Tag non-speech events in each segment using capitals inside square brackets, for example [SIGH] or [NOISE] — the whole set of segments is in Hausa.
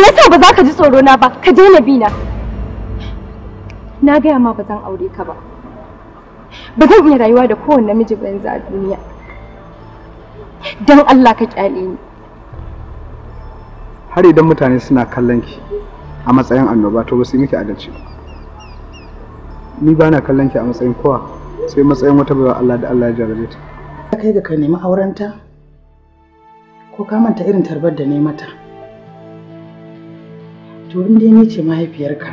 me yasa ba za ka ji tsoro na ba ka je na bi na na gaya ma ba zan aure ka ba ba zan iya rayuwa da kowane namiji ba yanzu a duniya don Allah ka kyale ni har idan mutane suna kallon ki a matsayin annoba to ba su yi miki adalci ni ba na kallon ki a matsayin kowa sai matsayin wata bawa Allah da Allah ya jarabe ta kai ga ka nemi aurenta ko ka manta irin tarbar da ne mata to in dai ni ce mahaifiyarka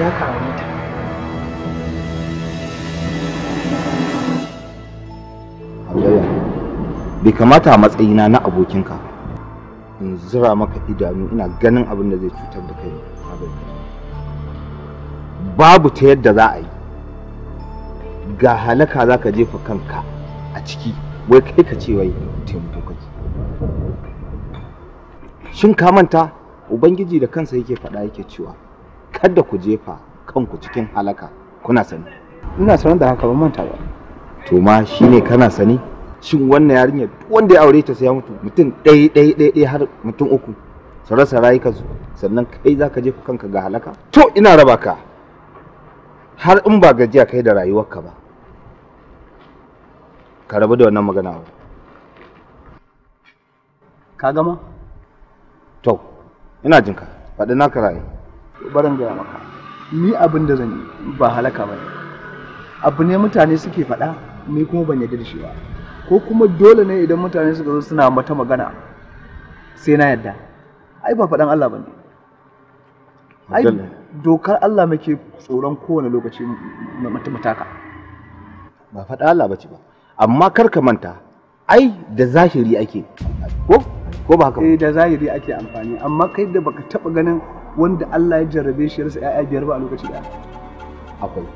za ka aure ta bai kamata a matsayina na abokinka in zura maka idanu ina ganin abin da zai cutar da kai babu ta yadda za a yi ga halaka za ka jefa kanka a ciki wai kai ka ce wai taimako kake shin ka manta ubangiji da kansa yake faɗa yake cewa kada ku jefa kanku cikin halaka kuna sani ina sani da haka ban manta ba to ma shine kana sani shin wannan yarinya duk wanda ya aure ta sai ya mutu mutum ɗaya ɗaya ɗaya ɗaya har mutum uku su rasa rayukansu sannan kai za ka jefa kanka ga halaka to ina raba ka har in ba gajiya kai da rayuwarka ba ka rabu da wannan magana ka gama to ina jinka faɗi naka ra'ayi barin gaya maka ni abin da zan yi ba halaka ba abu ne mutane suke faɗa ni kuma ban yarda da shi ba ko kuma dole ne idan mutane suka zo suna mata magana sai na yarda ai ba faɗan Allah bane ai dokar Allah muke tsoron kowane lokaci mataka ba faɗa Allah bace ba amma kar ka manta ai da zahiri ake ko ko ba haka eh da zahiri ake amfani amma kai da baka taba ganin wanda Allah ya jarrabe shi rasa ƴaƴa biyar ba a lokaci ɗaya akwai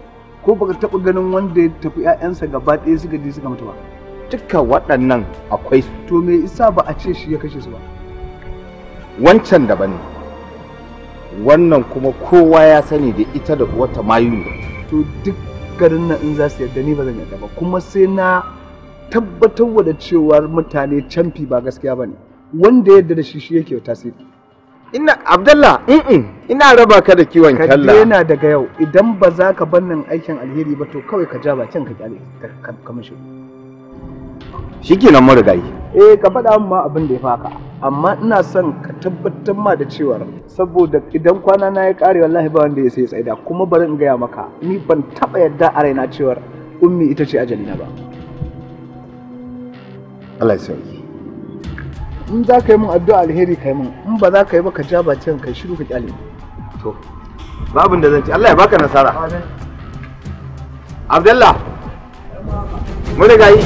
ko baka taba ganin wanda ya tafi ƴaƴansa gaba ɗaya suka ji suka mutu ba duka waɗannan akwai to me isa ba a ce shi ya kashe su ba wancan da ne wannan kuma kowa ya sani da ita da wata mayu to duk garin nan in za su yarda ni ba zan yarda ba kuma sai na tabbatar da cewar mutane canfi ba gaskiya ba ne wanda yadda da shi shi yake tasiri ina abdalla ina raba ka da kiwon kalla. yana daga yau idan ba za ka bar aikin alheri ba to kawai ka ja bakin ka kyale ka mishi shikenan marigayi eh ka faɗa min ma abin da ya faka amma ina son ka tabbatar ma da cewa saboda idan kwana na ya kare wallahi ba wanda ya sai tsaida kuma bari in gaya maka ni ban taba yadda a raina cewa ummi ita ce ajalina ba Allah ya sauki in za ka yi min addu'a alheri ka yi min in ba za ka yi ba ka ja can ka shiru ka kyale to babin da zan ci Allah ya baka nasara Abdullah mu riga yi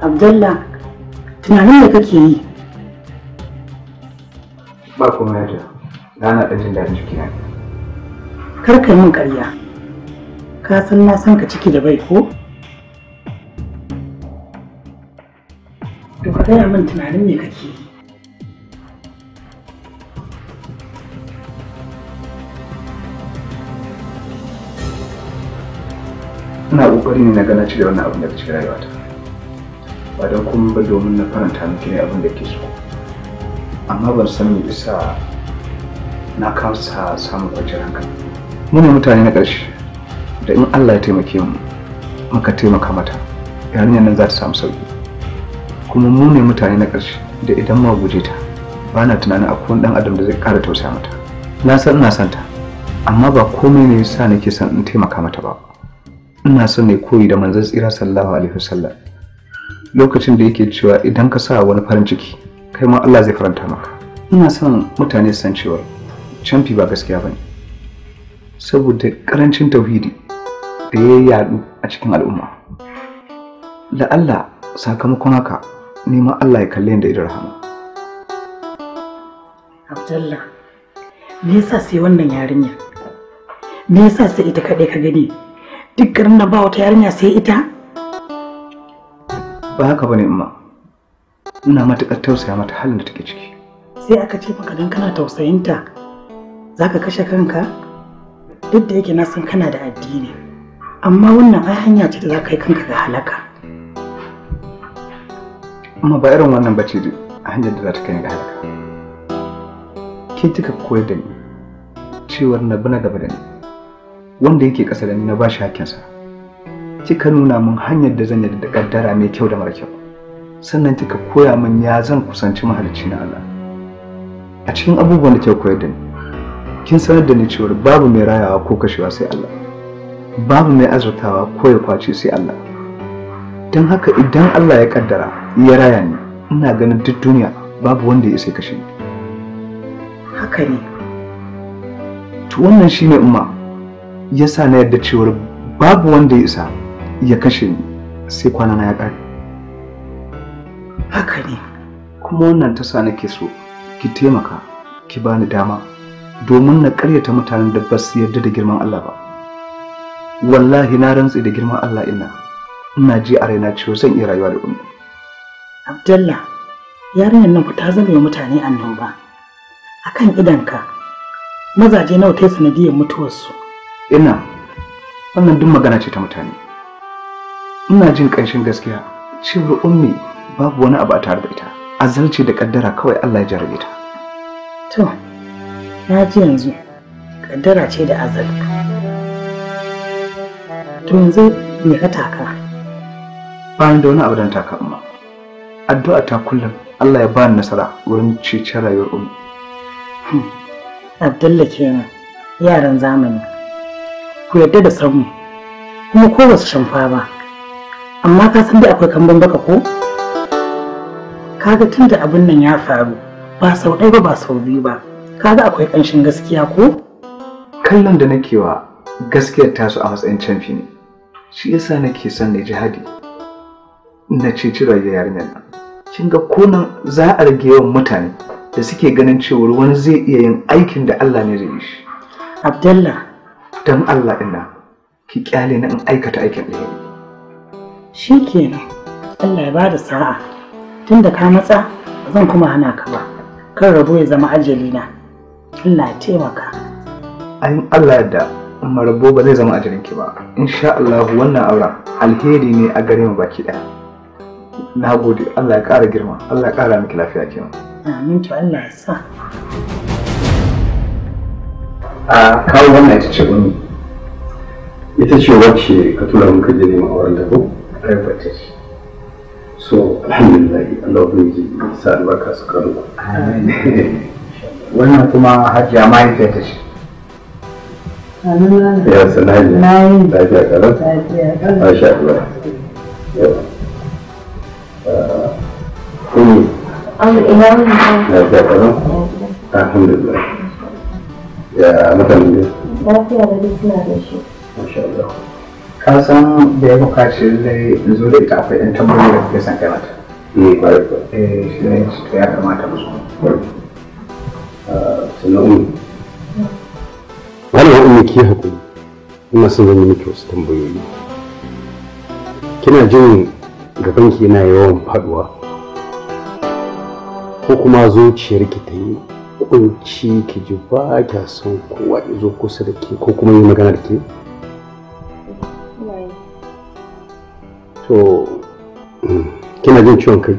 Abdullah tunanin da kake yi ba kuma da rana ɗan jin daɗin cikin ne kar ka min ƙarya ka san na san ka ciki da bai ko to ka gaya min tunanin me kake ina kokari ne na gana cire wannan abin da cikin rayuwata ba don kuma ba domin na faranta miki ne abin da ke so amma ban san me bisa na kasa samun kwanciyar hankali mu ne mutane na ƙarshe da in allah ya taimake mu muka taimaka mata yarinyar nan za ta samu sauki kuma mu ne mutane na ƙarshe da idan ma guje ta ba na tunanin akwai ɗan adam da zai ƙara tausaya mata na san ina son ta amma ba komai ne yasa nake son in taimaka mata ba ina son ne koyi da manzon tsira sallallahu alaihi wasallam lokacin da yake cewa idan ka sa wani farin ciki kai ma Allah zai faranta maka ina son mutane su san cewa canfi ba gaskiya bane saboda karancin tauhidi da ya yadu a cikin al'umma la'alla sakamakon haka neman allah ya kalle da idar hannu abdallah me yasa sai wannan yarinya me yasa sai ita kaɗai ka gani duk garin na ba wata yarinya sai ita ba haka bane amma ina matuƙar tausaya mata halin da take ciki sai aka ce maka dan kana tausayinta zaka kashe kanka duk da yake na san kana da addini amma wannan ai hanya ce da za ka yi kanka ga halaka amma ba irin wannan bace hanyar da za ta kai ga halaka ke kika koyar da ni cewar na bana gaba da ni wanda yake ƙasa da ni na ba shi hakinsa kika nuna min hanyar da zan yi da kaddara mai kyau da mara kyau sannan kika koya min ya zan kusanci mahalicci na Allah a cikin abubuwan da kika koyar da ni kin sanar da ni cewar babu mai rayawa ko kashewa sai Allah babu mai azurtawa ko ya kwace sai Allah don haka idan Allah ya kaddara ya raya ni ina ganin duk duniya babu wanda ya sai kashe ni haka ne to wannan shine umma ya na yadda cewar babu wanda ya isa ya kashe ni sai kwana na ya kare haka ne kuma wannan ta sa nake so ki taimaka ki bani dama domin na karyata mutanen da ba su yarda da girman Allah ba wallahi na rantse da girman Allah ina ina ji a raina cewa zan iya rayuwa da ummi Abdullah yarinyar nan ta zama mutane annoba akan idanka mazaje nawa ta yi sanadiyar mutuwarsu ina wannan duk magana ce ta mutane ina jin ƙanshin gaskiya cewar ummi babu wani abu a tare da ita azalci da ƙaddara kawai Allah ya jarabe ta to na ji yanzu kaddara ce da azal to yanzu me ka taka bayan da wani abu don taka amma addu'a ta kullum Allah ya bani nasara wurin cece rayuwar umu hmm. Abdullah kenan yaran zamani ku yarda da sanmu kuma ko wasu shamfa ba amma ka san da akwai kamban baka ko kaga tunda abin nan ya faru ba sau ɗaya ba ba sau biyu ba kaga akwai ƙanshin gaskiya ko kallon da nake wa gaskiyar tasu a matsayin canfi ne shi yasa nake son na jihadi na ceci rayuwar yarinyar nan kin ga konan za a rage yawan mutane da suke ganin cewa wani zai iya yin aikin da Allah ne zai shi Abdalla. dan Allah ina ki kyale na in aikata aikin da shi kenan Allah ya ba da sa'a tunda ka matsa zan kuma hana ka ba kan rabo ya zama ajali na Allah ya taimaka ayin Allah yadda marabo ba zai zama a jirinki ba insha Allah wannan auren alheri ne a gare mu baki ɗaya na gode Allah ya ƙara girma Allah ya ƙara miki lafiya kenan amin to Allah ya sa a kawo wannan ita ce wani ita ce wacce ka tura mun kaje neman auren da ko aibata ce so alhamdulillah Allah ya ji sa albarka su karu amin wannan kuma hajiya mahaifiyar ta ce ya sanaji lafiya kalar masha Allah kuni uh, lafiya kalar alhamdulillah ya mutane ne lafiya da duk suna da shi ka san da ya bukaci lai zo da ita akwai ɗan tambayoyi da kuke san kai mata eh kwarai kwarai eh, shi ne ya kamata musu sana'un wannan wa'in ke haƙuri ina son zan yi miki wasu tambayoyi kina jin gabanki yana yawan faduwa ko kuma zuciyarki ta yi kunci ki ji ba kya son kowa ya zo kusa da ke ko kuma yi magana da ke to kina jin ciwon kai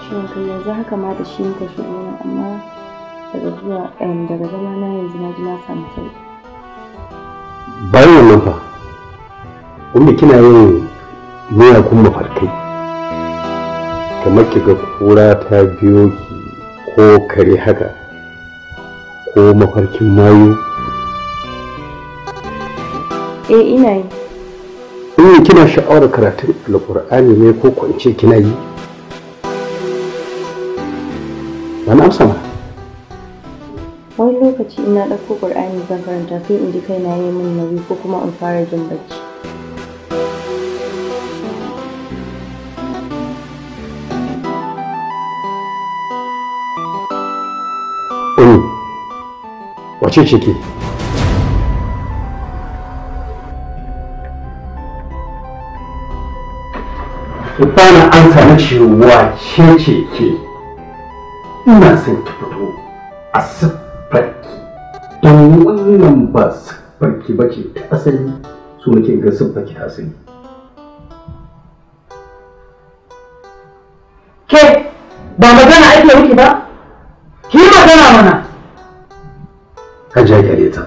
ciwon kai yanzu haka ma da shi nake shi amma daga zuwa daga zama na yanzu na ji na samu sauki bayan fa kuma kina yin miyagun mafarkai kamar ki ga kura ta biyo ki ko kare haka ko mafarkin mayu E, ina yi kina sha'awar karatun alkur'ani ne ko kwance kina yi wani amsa mana wani lokaci ina ɗauko ƙur'ani zan karanta sai in ji kaina yi min nauyi ko kuma in fara jin bacci wace ce ke Ita na an sami ciwo wace ce ke ina son ki fito a siffarki don wannan ba siffarki ba ce ta asali su nake ga siffarki ta asali ke ba magana ake miki ba ki magana mana hajiya gare ta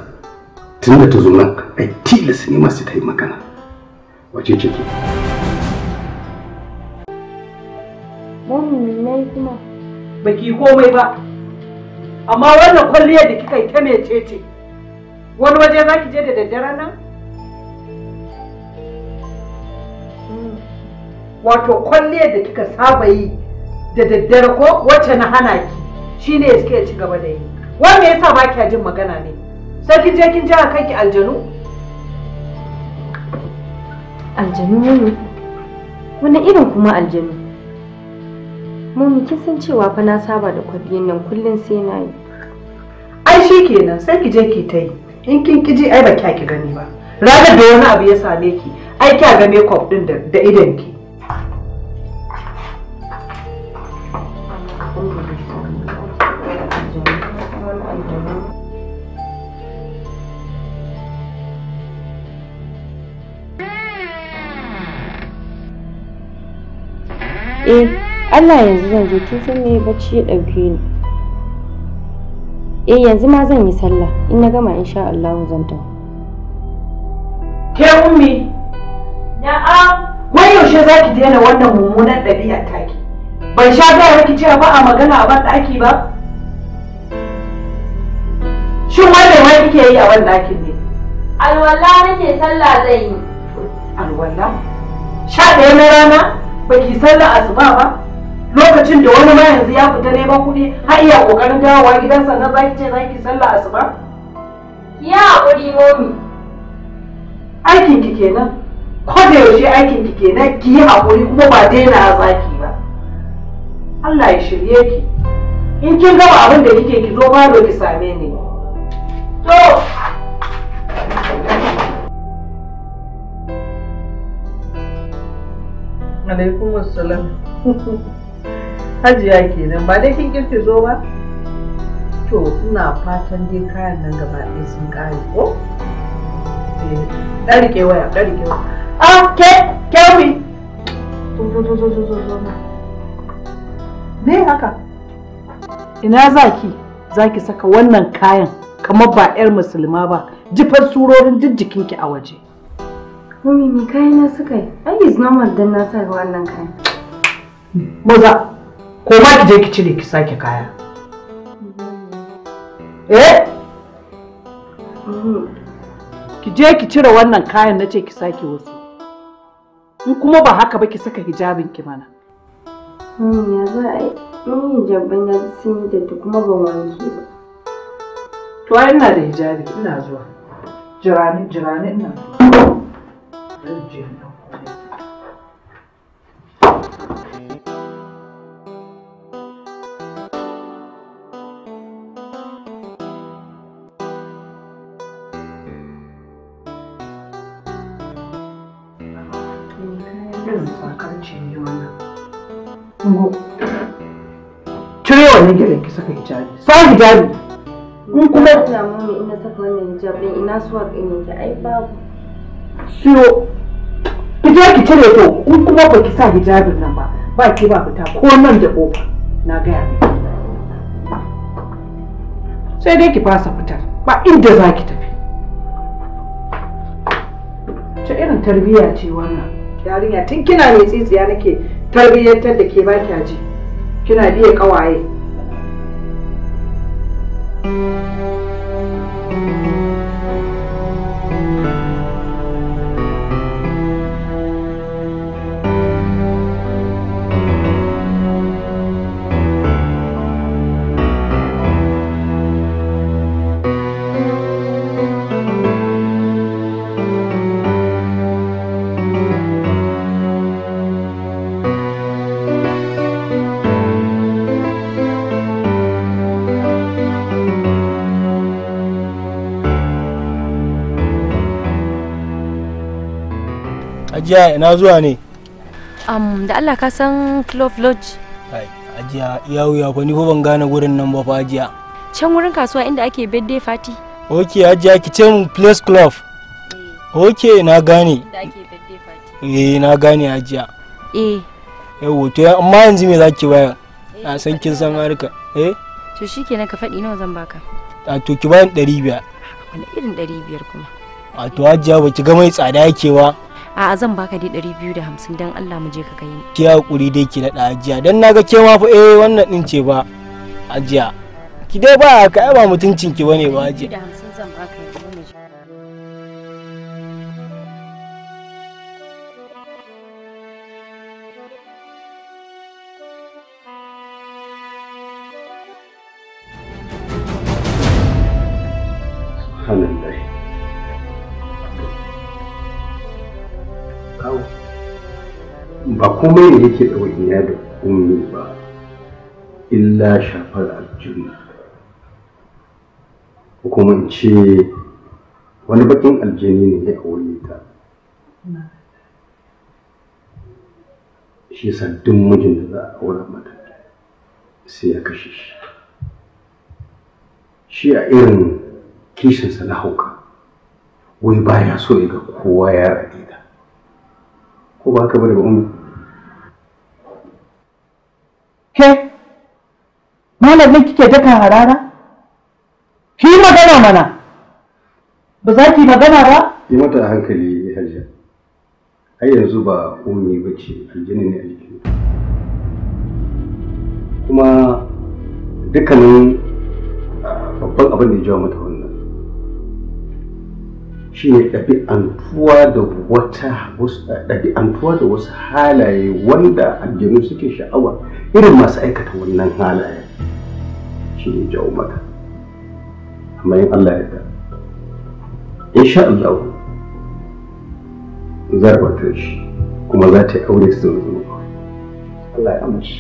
tun da ta zo nan ai tilas ne masu ta yi magana wace ce ke Mummy, me kuma? baki komai ba amma wannan kwalliya da kika yi ta ce wani waje za ki je da daddare nan wato kwalliya da kika saba yi da daddare ko wacce na hana ki shine ya suke ci gaba da yi wanda yasa ba kya jin magana ne sai kin je kin ji a kanki aljanu aljanu ne wani irin kuma aljanu Mummy kin san cewa fa na saba da kwabiyan nan kullun sai na yi. Ai shi kenan sai ki je ki ta yi. In kin kiji ai ba kya ki gani ba. Ranar da wani abu ya same ki, ai kya ga makeup din da idan ki. Eh, Allah yanzu zan je kin san me bacci ya dauke ni eh yanzu ma zan yi sallah in na gama insha Allah zan tafi ke ummi na'am wai yaushe za ki daina wannan mummunan dabi'ar taki ban sha ga miki cewa ba a magana a banɗaki ba shin wai mai wai kike yi a banɗakin ne alwala nake sallah zan yi alwala sha ɗaya na rana baki sallah asuba ba lokacin da wani ma yanzu ya fita neman kuɗi har iya kokarin dawowa gidan sannan za ki ce za ki sallah asuba? Ya haƙuri momi. Aikin ki kenan. Ko da yaushe aikin ki kenan ki yi haƙuri kuma ba daina zaki ba. Allah ya shirye ki. In kin gama abin da kike ki zo ba ki same ni. To, alaikum assalam [LAUGHS] hajiya kenan ba dai kin girki zo ba to ina fatan dai kayan nan gaba ɗaya sun ƙare ko eh, ɗarike waya ɗarike waya ah ke kewi zo zo zo zo zo me haka ina zaki zaki saka wannan kayan kamar ba 'yar musulma ba jifar surorin ki a waje Mummy, me na suka yi? Ai, is normal don na sa wannan kayan. Maza, ko ma ki je ki cire ki sake kaya eh ki je ki cire wannan kayan na ce ki sake wasu in kuma ba haka ba ki saka hijabin ki mana hmm, ya za a yi jabban ya sun yi da kuma ban wanke ba to ai ina da hijabi ina zuwa jirani jirani ina zuwa hijabi sa hijabi in kuma ya mami ina saka wannan hijab din ina suwa ɗin yake ai babu siyo ki je ki cire to in kuma ba ki sa hijabin nan ba ba ki ba fita ko nan da kofa na gaya sai dai ki fasa fitar ba inda za ki tafi ce irin tarbiyya ce wannan yarinya tun kina mai tsitsiya nake tarbiyyantar da ke baki aji kina biye kawaye ajiya ina zuwa ne? da Allah ka san club Lodge. ajiya Hajiya ya wuya fa ni ban gane gurin nan ba fa ajiya. Can wurin kasuwa inda ake birthday party. Ok ajiya ki ce mu Place club eh. Ok na gane. ake birthday party. Eh na gane ajiya. Eh. Yawwa to amma yanzu me zaki bayar? Na eh, san kin san harka. Eh? To shikenan ka faɗi nawa zan baka. A to ki bani 500. Wani irin 500 kuma? A to ba ki ga mai tsada yake ba. a'a zan baka dai ɗari biyu da hamsin don Allah mu je ka kai ki hakuri dai ki naɗa ajiya don naga ke ma fa eh wannan ɗin ce ba ajiya ki dai ba ka yaba mutuncin ki bane ba ajiya komai ne yake ɗawainiya da ummi ba illa shafar aljihu Hukumance wani bakin aljini ne ya kawai ta shi yasa duk mijin da za a wurin mata sai ya kashe shi shi a irin kishinsa na hauka wai baya so ya ga kowa ya rage ta ko ba haka ba da ba malam ne kike daka harara ki magana mana ba za ki magana ba yi mata hankali hajja ai yanzu ba ummi ba ce aljini ne a jikin kuma dukkanin babban abin da ya jawo mata wannan shi ne ɗabi'antuwa da wata ɗabi'antuwa da wasu halaye wanda aljanu suke sha'awa irin masu aikata wannan halaye shi ne jawo maka amma yin Allah ya yarda sha Allah a rabata shi kuma za ta yi aure su zuwa zama Allah ya amince.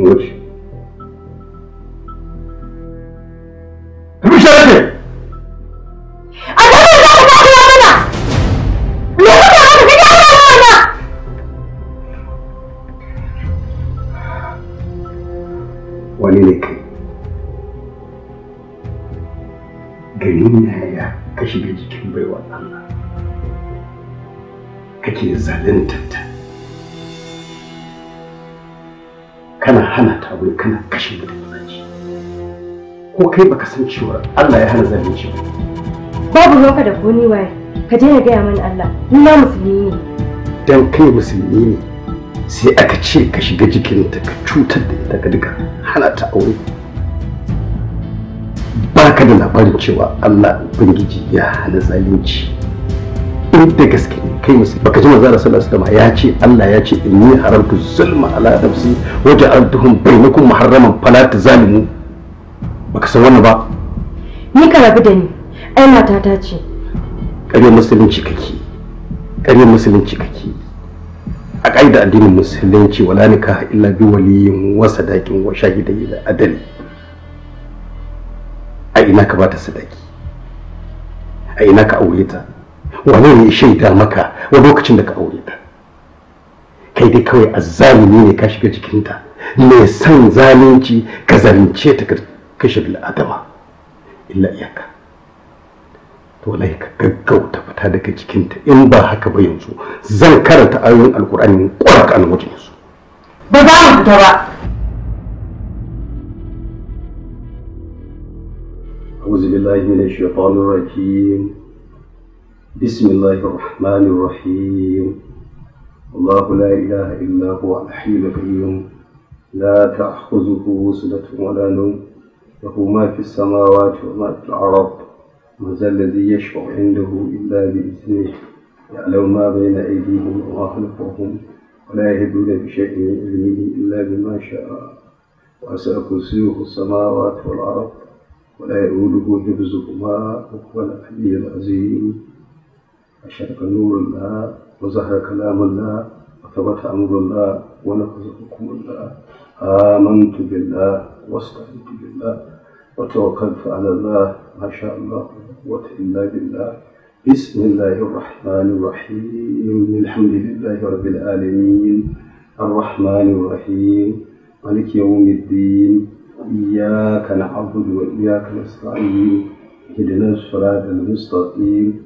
Ngoci. kake zaluntarta kana hana ta wai kana kashe mata zalunci ko kai baka san cewa Allah ya hana zalunci babu roka da ko ni waye ka daina gaya mani Allah ni ma musulmi ne dan kai musulmi ne sai aka ce ka shiga jikin ta ka cutar da ita ka duka hana ta aure baka da labarin cewa Allah ubangiji ya hana zalunci in da gaske kai musu baka ji manzara sallallahu alaihi wasallam ya ce Allah ya ce inni haramtu zulma ala nafsi wa ja'altuhum bainakum muharraman fala tazalimu baka san wannan ba ni ka rabu da ni ai matata ce ƙarya musulunci kake ƙarya musulunci kake a ƙa'ida addinin musulunci wala nikaha illa bi waliyin wa sadaqin wa shahidai da adali a ina ka bata sadaki a ina ka aure ta wane ne shaida maka wa lokacin da ka aure ta kai dai kawai azzalumi ne ka shiga jikinta mai san zalunci ka zalunce ta kashe Adama? illa iyaka to wallahi ka gaggauta fita daga jikinta in ba haka ba yanzu zan karanta ayoyin alkur'ani kwarak an wajen su ba za mu fita ba أعوذ بالله من الشيطان الرجيم بسم الله الرحمن الرحيم الله لا إله إلا هو الحي القيوم لا تأخذه سنة ولا نوم له ما في السماوات وما في الأرض وذا الذي يشفع عنده إلا بإذنه يعلم ما بين أيديهم وما خلفهم ولا يهدون بشيء من علمه إلا بما شاء وأسى كرسيه السماوات والأرض ولا يؤوده حفظهما وهو العلي العظيم أشهدك نور الله وزهر كلام الله وثبت أمر الله ونفذ حكم الله آمنت بالله واستعنت بالله وتوكلت على الله ما شاء الله لا قوة إلا بالله بسم الله الرحمن الرحيم الحمد لله رب العالمين الرحمن الرحيم مالك يوم الدين إياك نعبد وإياك نستعين اهدنا الصراط المستقيم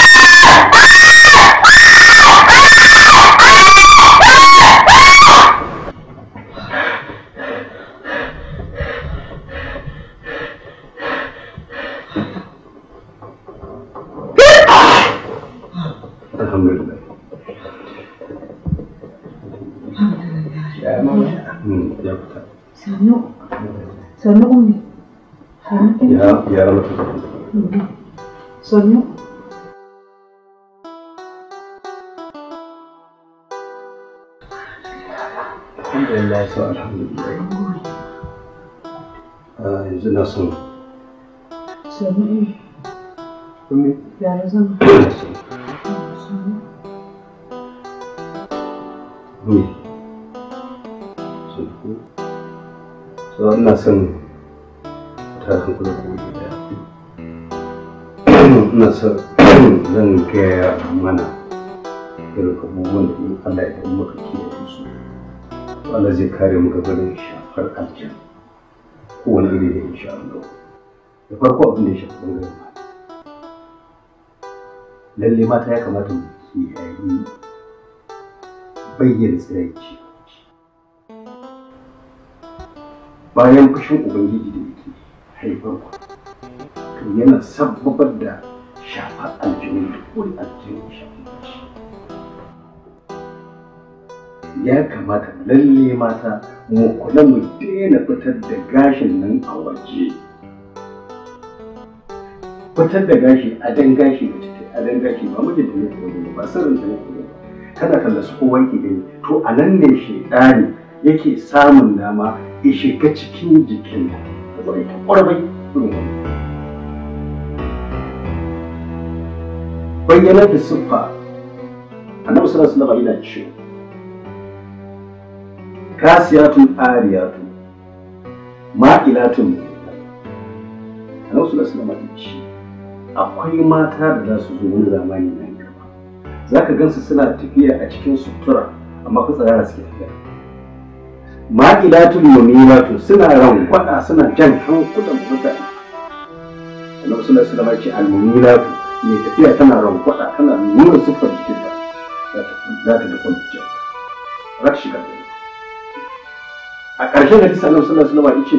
Ya, ya mutu. Sannu? Alhamdulillah, so alhamdulillah. Ah, yanzu na son. Sannu? Eh. Kumi? Yaya zan? Sannu? Kumi? Sannu? So, ina son ta fi kudin ina son zan gaya mana irin abubuwan in Allah ya damu maka ke Allah zai kare mu iri da farko mata ya kamata mu kiyaye bayyana tsiraici bayan fushin ubangiji da yake haifarku to yana sabbabar da shafa aljini da kuri aljini shafi shi ya kamata lalle mata mu kula mu daina fitar da gashin nan a waje fitar da gashi a dan gashi da a dan gashi ba muke da yake ba sirrin da yake kada ka lasu ko wanki gani to a nan ne shedani yake samun dama ya shiga cikin jikin matsaloli ƙwararrai irin wani bayyanar da siffa annabi sallallahu alaihi wasallam yana cewa kasiyatun ariyatun ma'ilatun annabi sallallahu alaihi wasallam ya ce akwai mata da za su zo wani zamani nan gaba ka gansu suna tafiya a cikin sutura amma fitsarara suke tafiya ma'ilatul yaminatu suna ran rankwada suna jan hankulan mutane annabi suna suna ce al-muminatu mai tafiya tana ran rankwada tana nuna siffar jikin da za ta dafa jikin za ta shiga da a ƙarshen hadisi annabi suna suna ma ce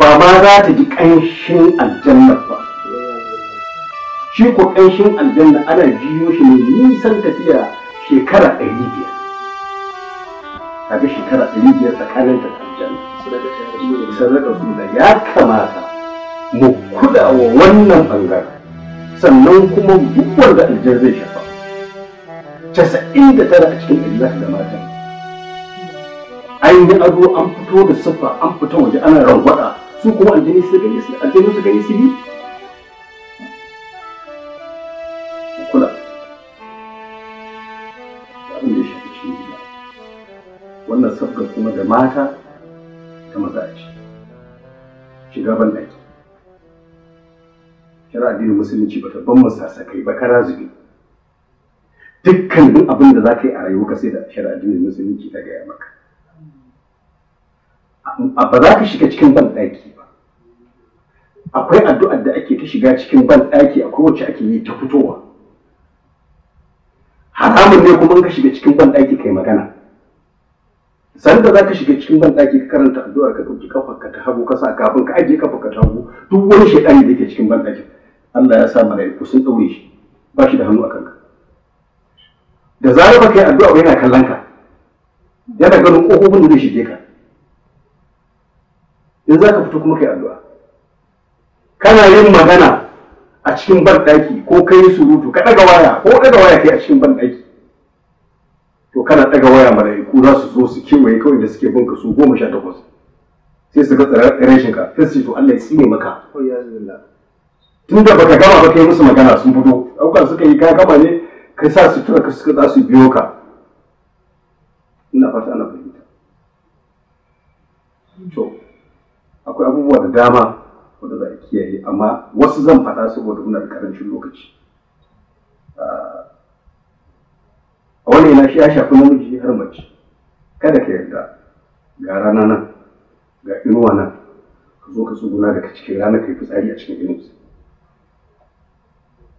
ba ma za ta ji ƙanshin aljanna ba shi ko ƙanshin aljanna ana jiyo shi ne nisan tafiya shekara ɗari biyar a ga shekara ɗari biyar tsakanin da aljanna sadaka da ya kamata mu kula wa wannan bangare sannan kuma duk wanda aljanna zai shafa casa'in da tara a cikin ɗari za da mata. an yi ado an fito da siffa an fito waje ana rangwada su kuma aljani su gani su aljani su gani su yi wannan sabgar kuma da mata ta maza ce shiga ban ɗaki kira addinin musulunci ba ta ban masasakai ba kara zube dukkanin abin da za ka yi a rayuwa ka sai da shari'a addinin musulunci ta gaya maka ba za ka shiga cikin ban ɗaki ba akwai addu'ar da ake ta shiga cikin ban ɗaki akwai wacce ake yi ta fitowa haramun ne kuma in ka shiga cikin ban ɗaki kai magana sanda za ka shiga cikin banɗaki ka karanta addu'ar ka ɗauki kafarka ta hagu ka sa kafin ka ajiye kafarka ta hagu duk wani shaytani da ke cikin banɗakin Allah ya sa mala'iku sun ɗaure shi ba shi da hannu a kanka da zarar ba kai addu'a ba yana kallon ka yana ganin ƙofofin da zai shige ka in zaka fito kuma kai addu'a kana yin magana a cikin banɗaki ko kai surutu ka daga waya ko ɗaga waya kai a cikin banɗaki to kana ɗaga waya mala'iku za su zo su kewaye kawai da suke binka su goma sha takwas sai su ga tsirarren shinka sai su to Allah ya tsine maka tun da baka gama ba kai musu magana sun fito ɗauka suka yi ka gama ne kai sa su tura ka suka za su biyo ka ina fata ana fahimta to akwai abubuwa da dama wanda za a kiyaye amma wasu zan faɗa saboda muna da karancin lokaci ah, a wani ina shi ya shafi namiji har mace kada ka yarda ga rana nan ga inuwa nan ka zo ka tsuguna daga cikin rana ka yi fitsari a cikin inuwa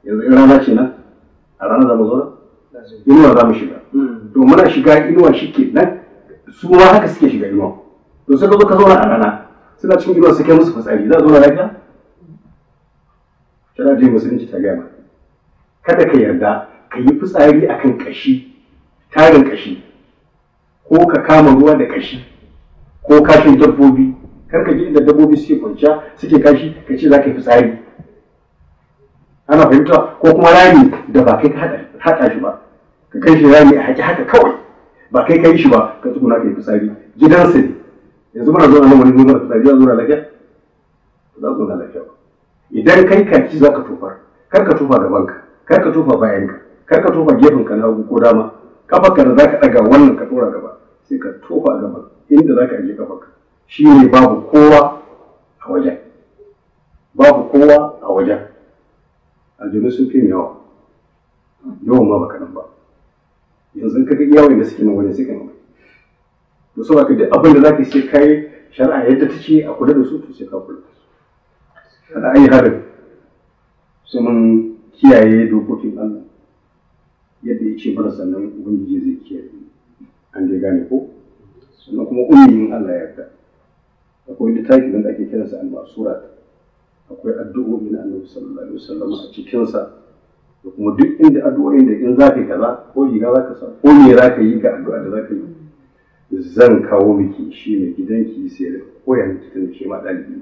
yanzu in rana ce nan a rana za mu zo inuwa za mu shiga to muna shiga inuwa shi ke nan su ma haka suke shiga inuwa to sai ka zo ka zauna a rana suna cikin inuwa suke musu fitsari za zo na lafiya tana je musulunci ta gama kada ka yarda ka yi fitsari akan kashi tarin kashi ko ka kama ruwa da kashi ko kashin dabbobi kar ka je inda dabbobi suke kwanciya suke kashi ka ce za ka yi fitsari ana fahimta ko kuma rami da ba kai ka haɗa shi ba ka kai shi rami a haƙi haka kawai ba kai ka yi shi ba ka tsuguna ka yi fitsari gidansa ne yanzu muna zuwa nan wani zuwa fitsari za zuwa lafiya za zuwa lafiya ba idan kai kaci za ka tofar kar ka tofa gabanka kar ka tofa bayanka kar ka tofa gefenka na hagu ko dama kafarka da za ka ɗaga wannan ka ɗora gaba sai ka tofa a gaba inda za ka aje kafarka shi ne babu kowa a wajen babu kowa a wajen aljanu sun fi yawa Yau ma baka nan ba yanzu ka ga iyawa da suke nan wajen suke nan to saboda duk abin da za ka sai kai shari'a yadda ta ce a kula da su to sai ka kula da su kada ai harin sai mun kiyaye dokokin Allah yadda ya ce mana sannan ubangiji zai kiyaye an dai gane ko sannan kuma ƙungiyoyin Allah ya yarda akwai littafi wanda ake kiransa al-masura akwai addu'o'i na annabi sallallahu alaihi wasallam a cikin sa da kuma duk inda addu'o'i da in zaka yi kaza ko riga zaka sa ko me zaka yi ga addu'a da zaka yi zan kawo miki shi ne gidanki sai da koyan cikin shi ma dalibi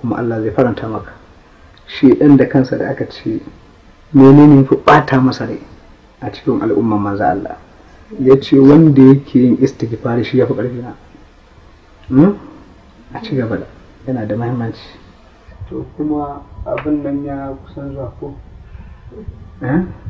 kuma Allah zai faranta maka shi ɗan da kansa da aka ce menene fi ɓata masa rai a cikin al'umman manzo Allah ya ce wanda yake yin istighfari shi ya fi ƙarfi na hmm? a ci gaba da yana da mahimmanci to kuma abin nan ya kusan zuwa ko eh?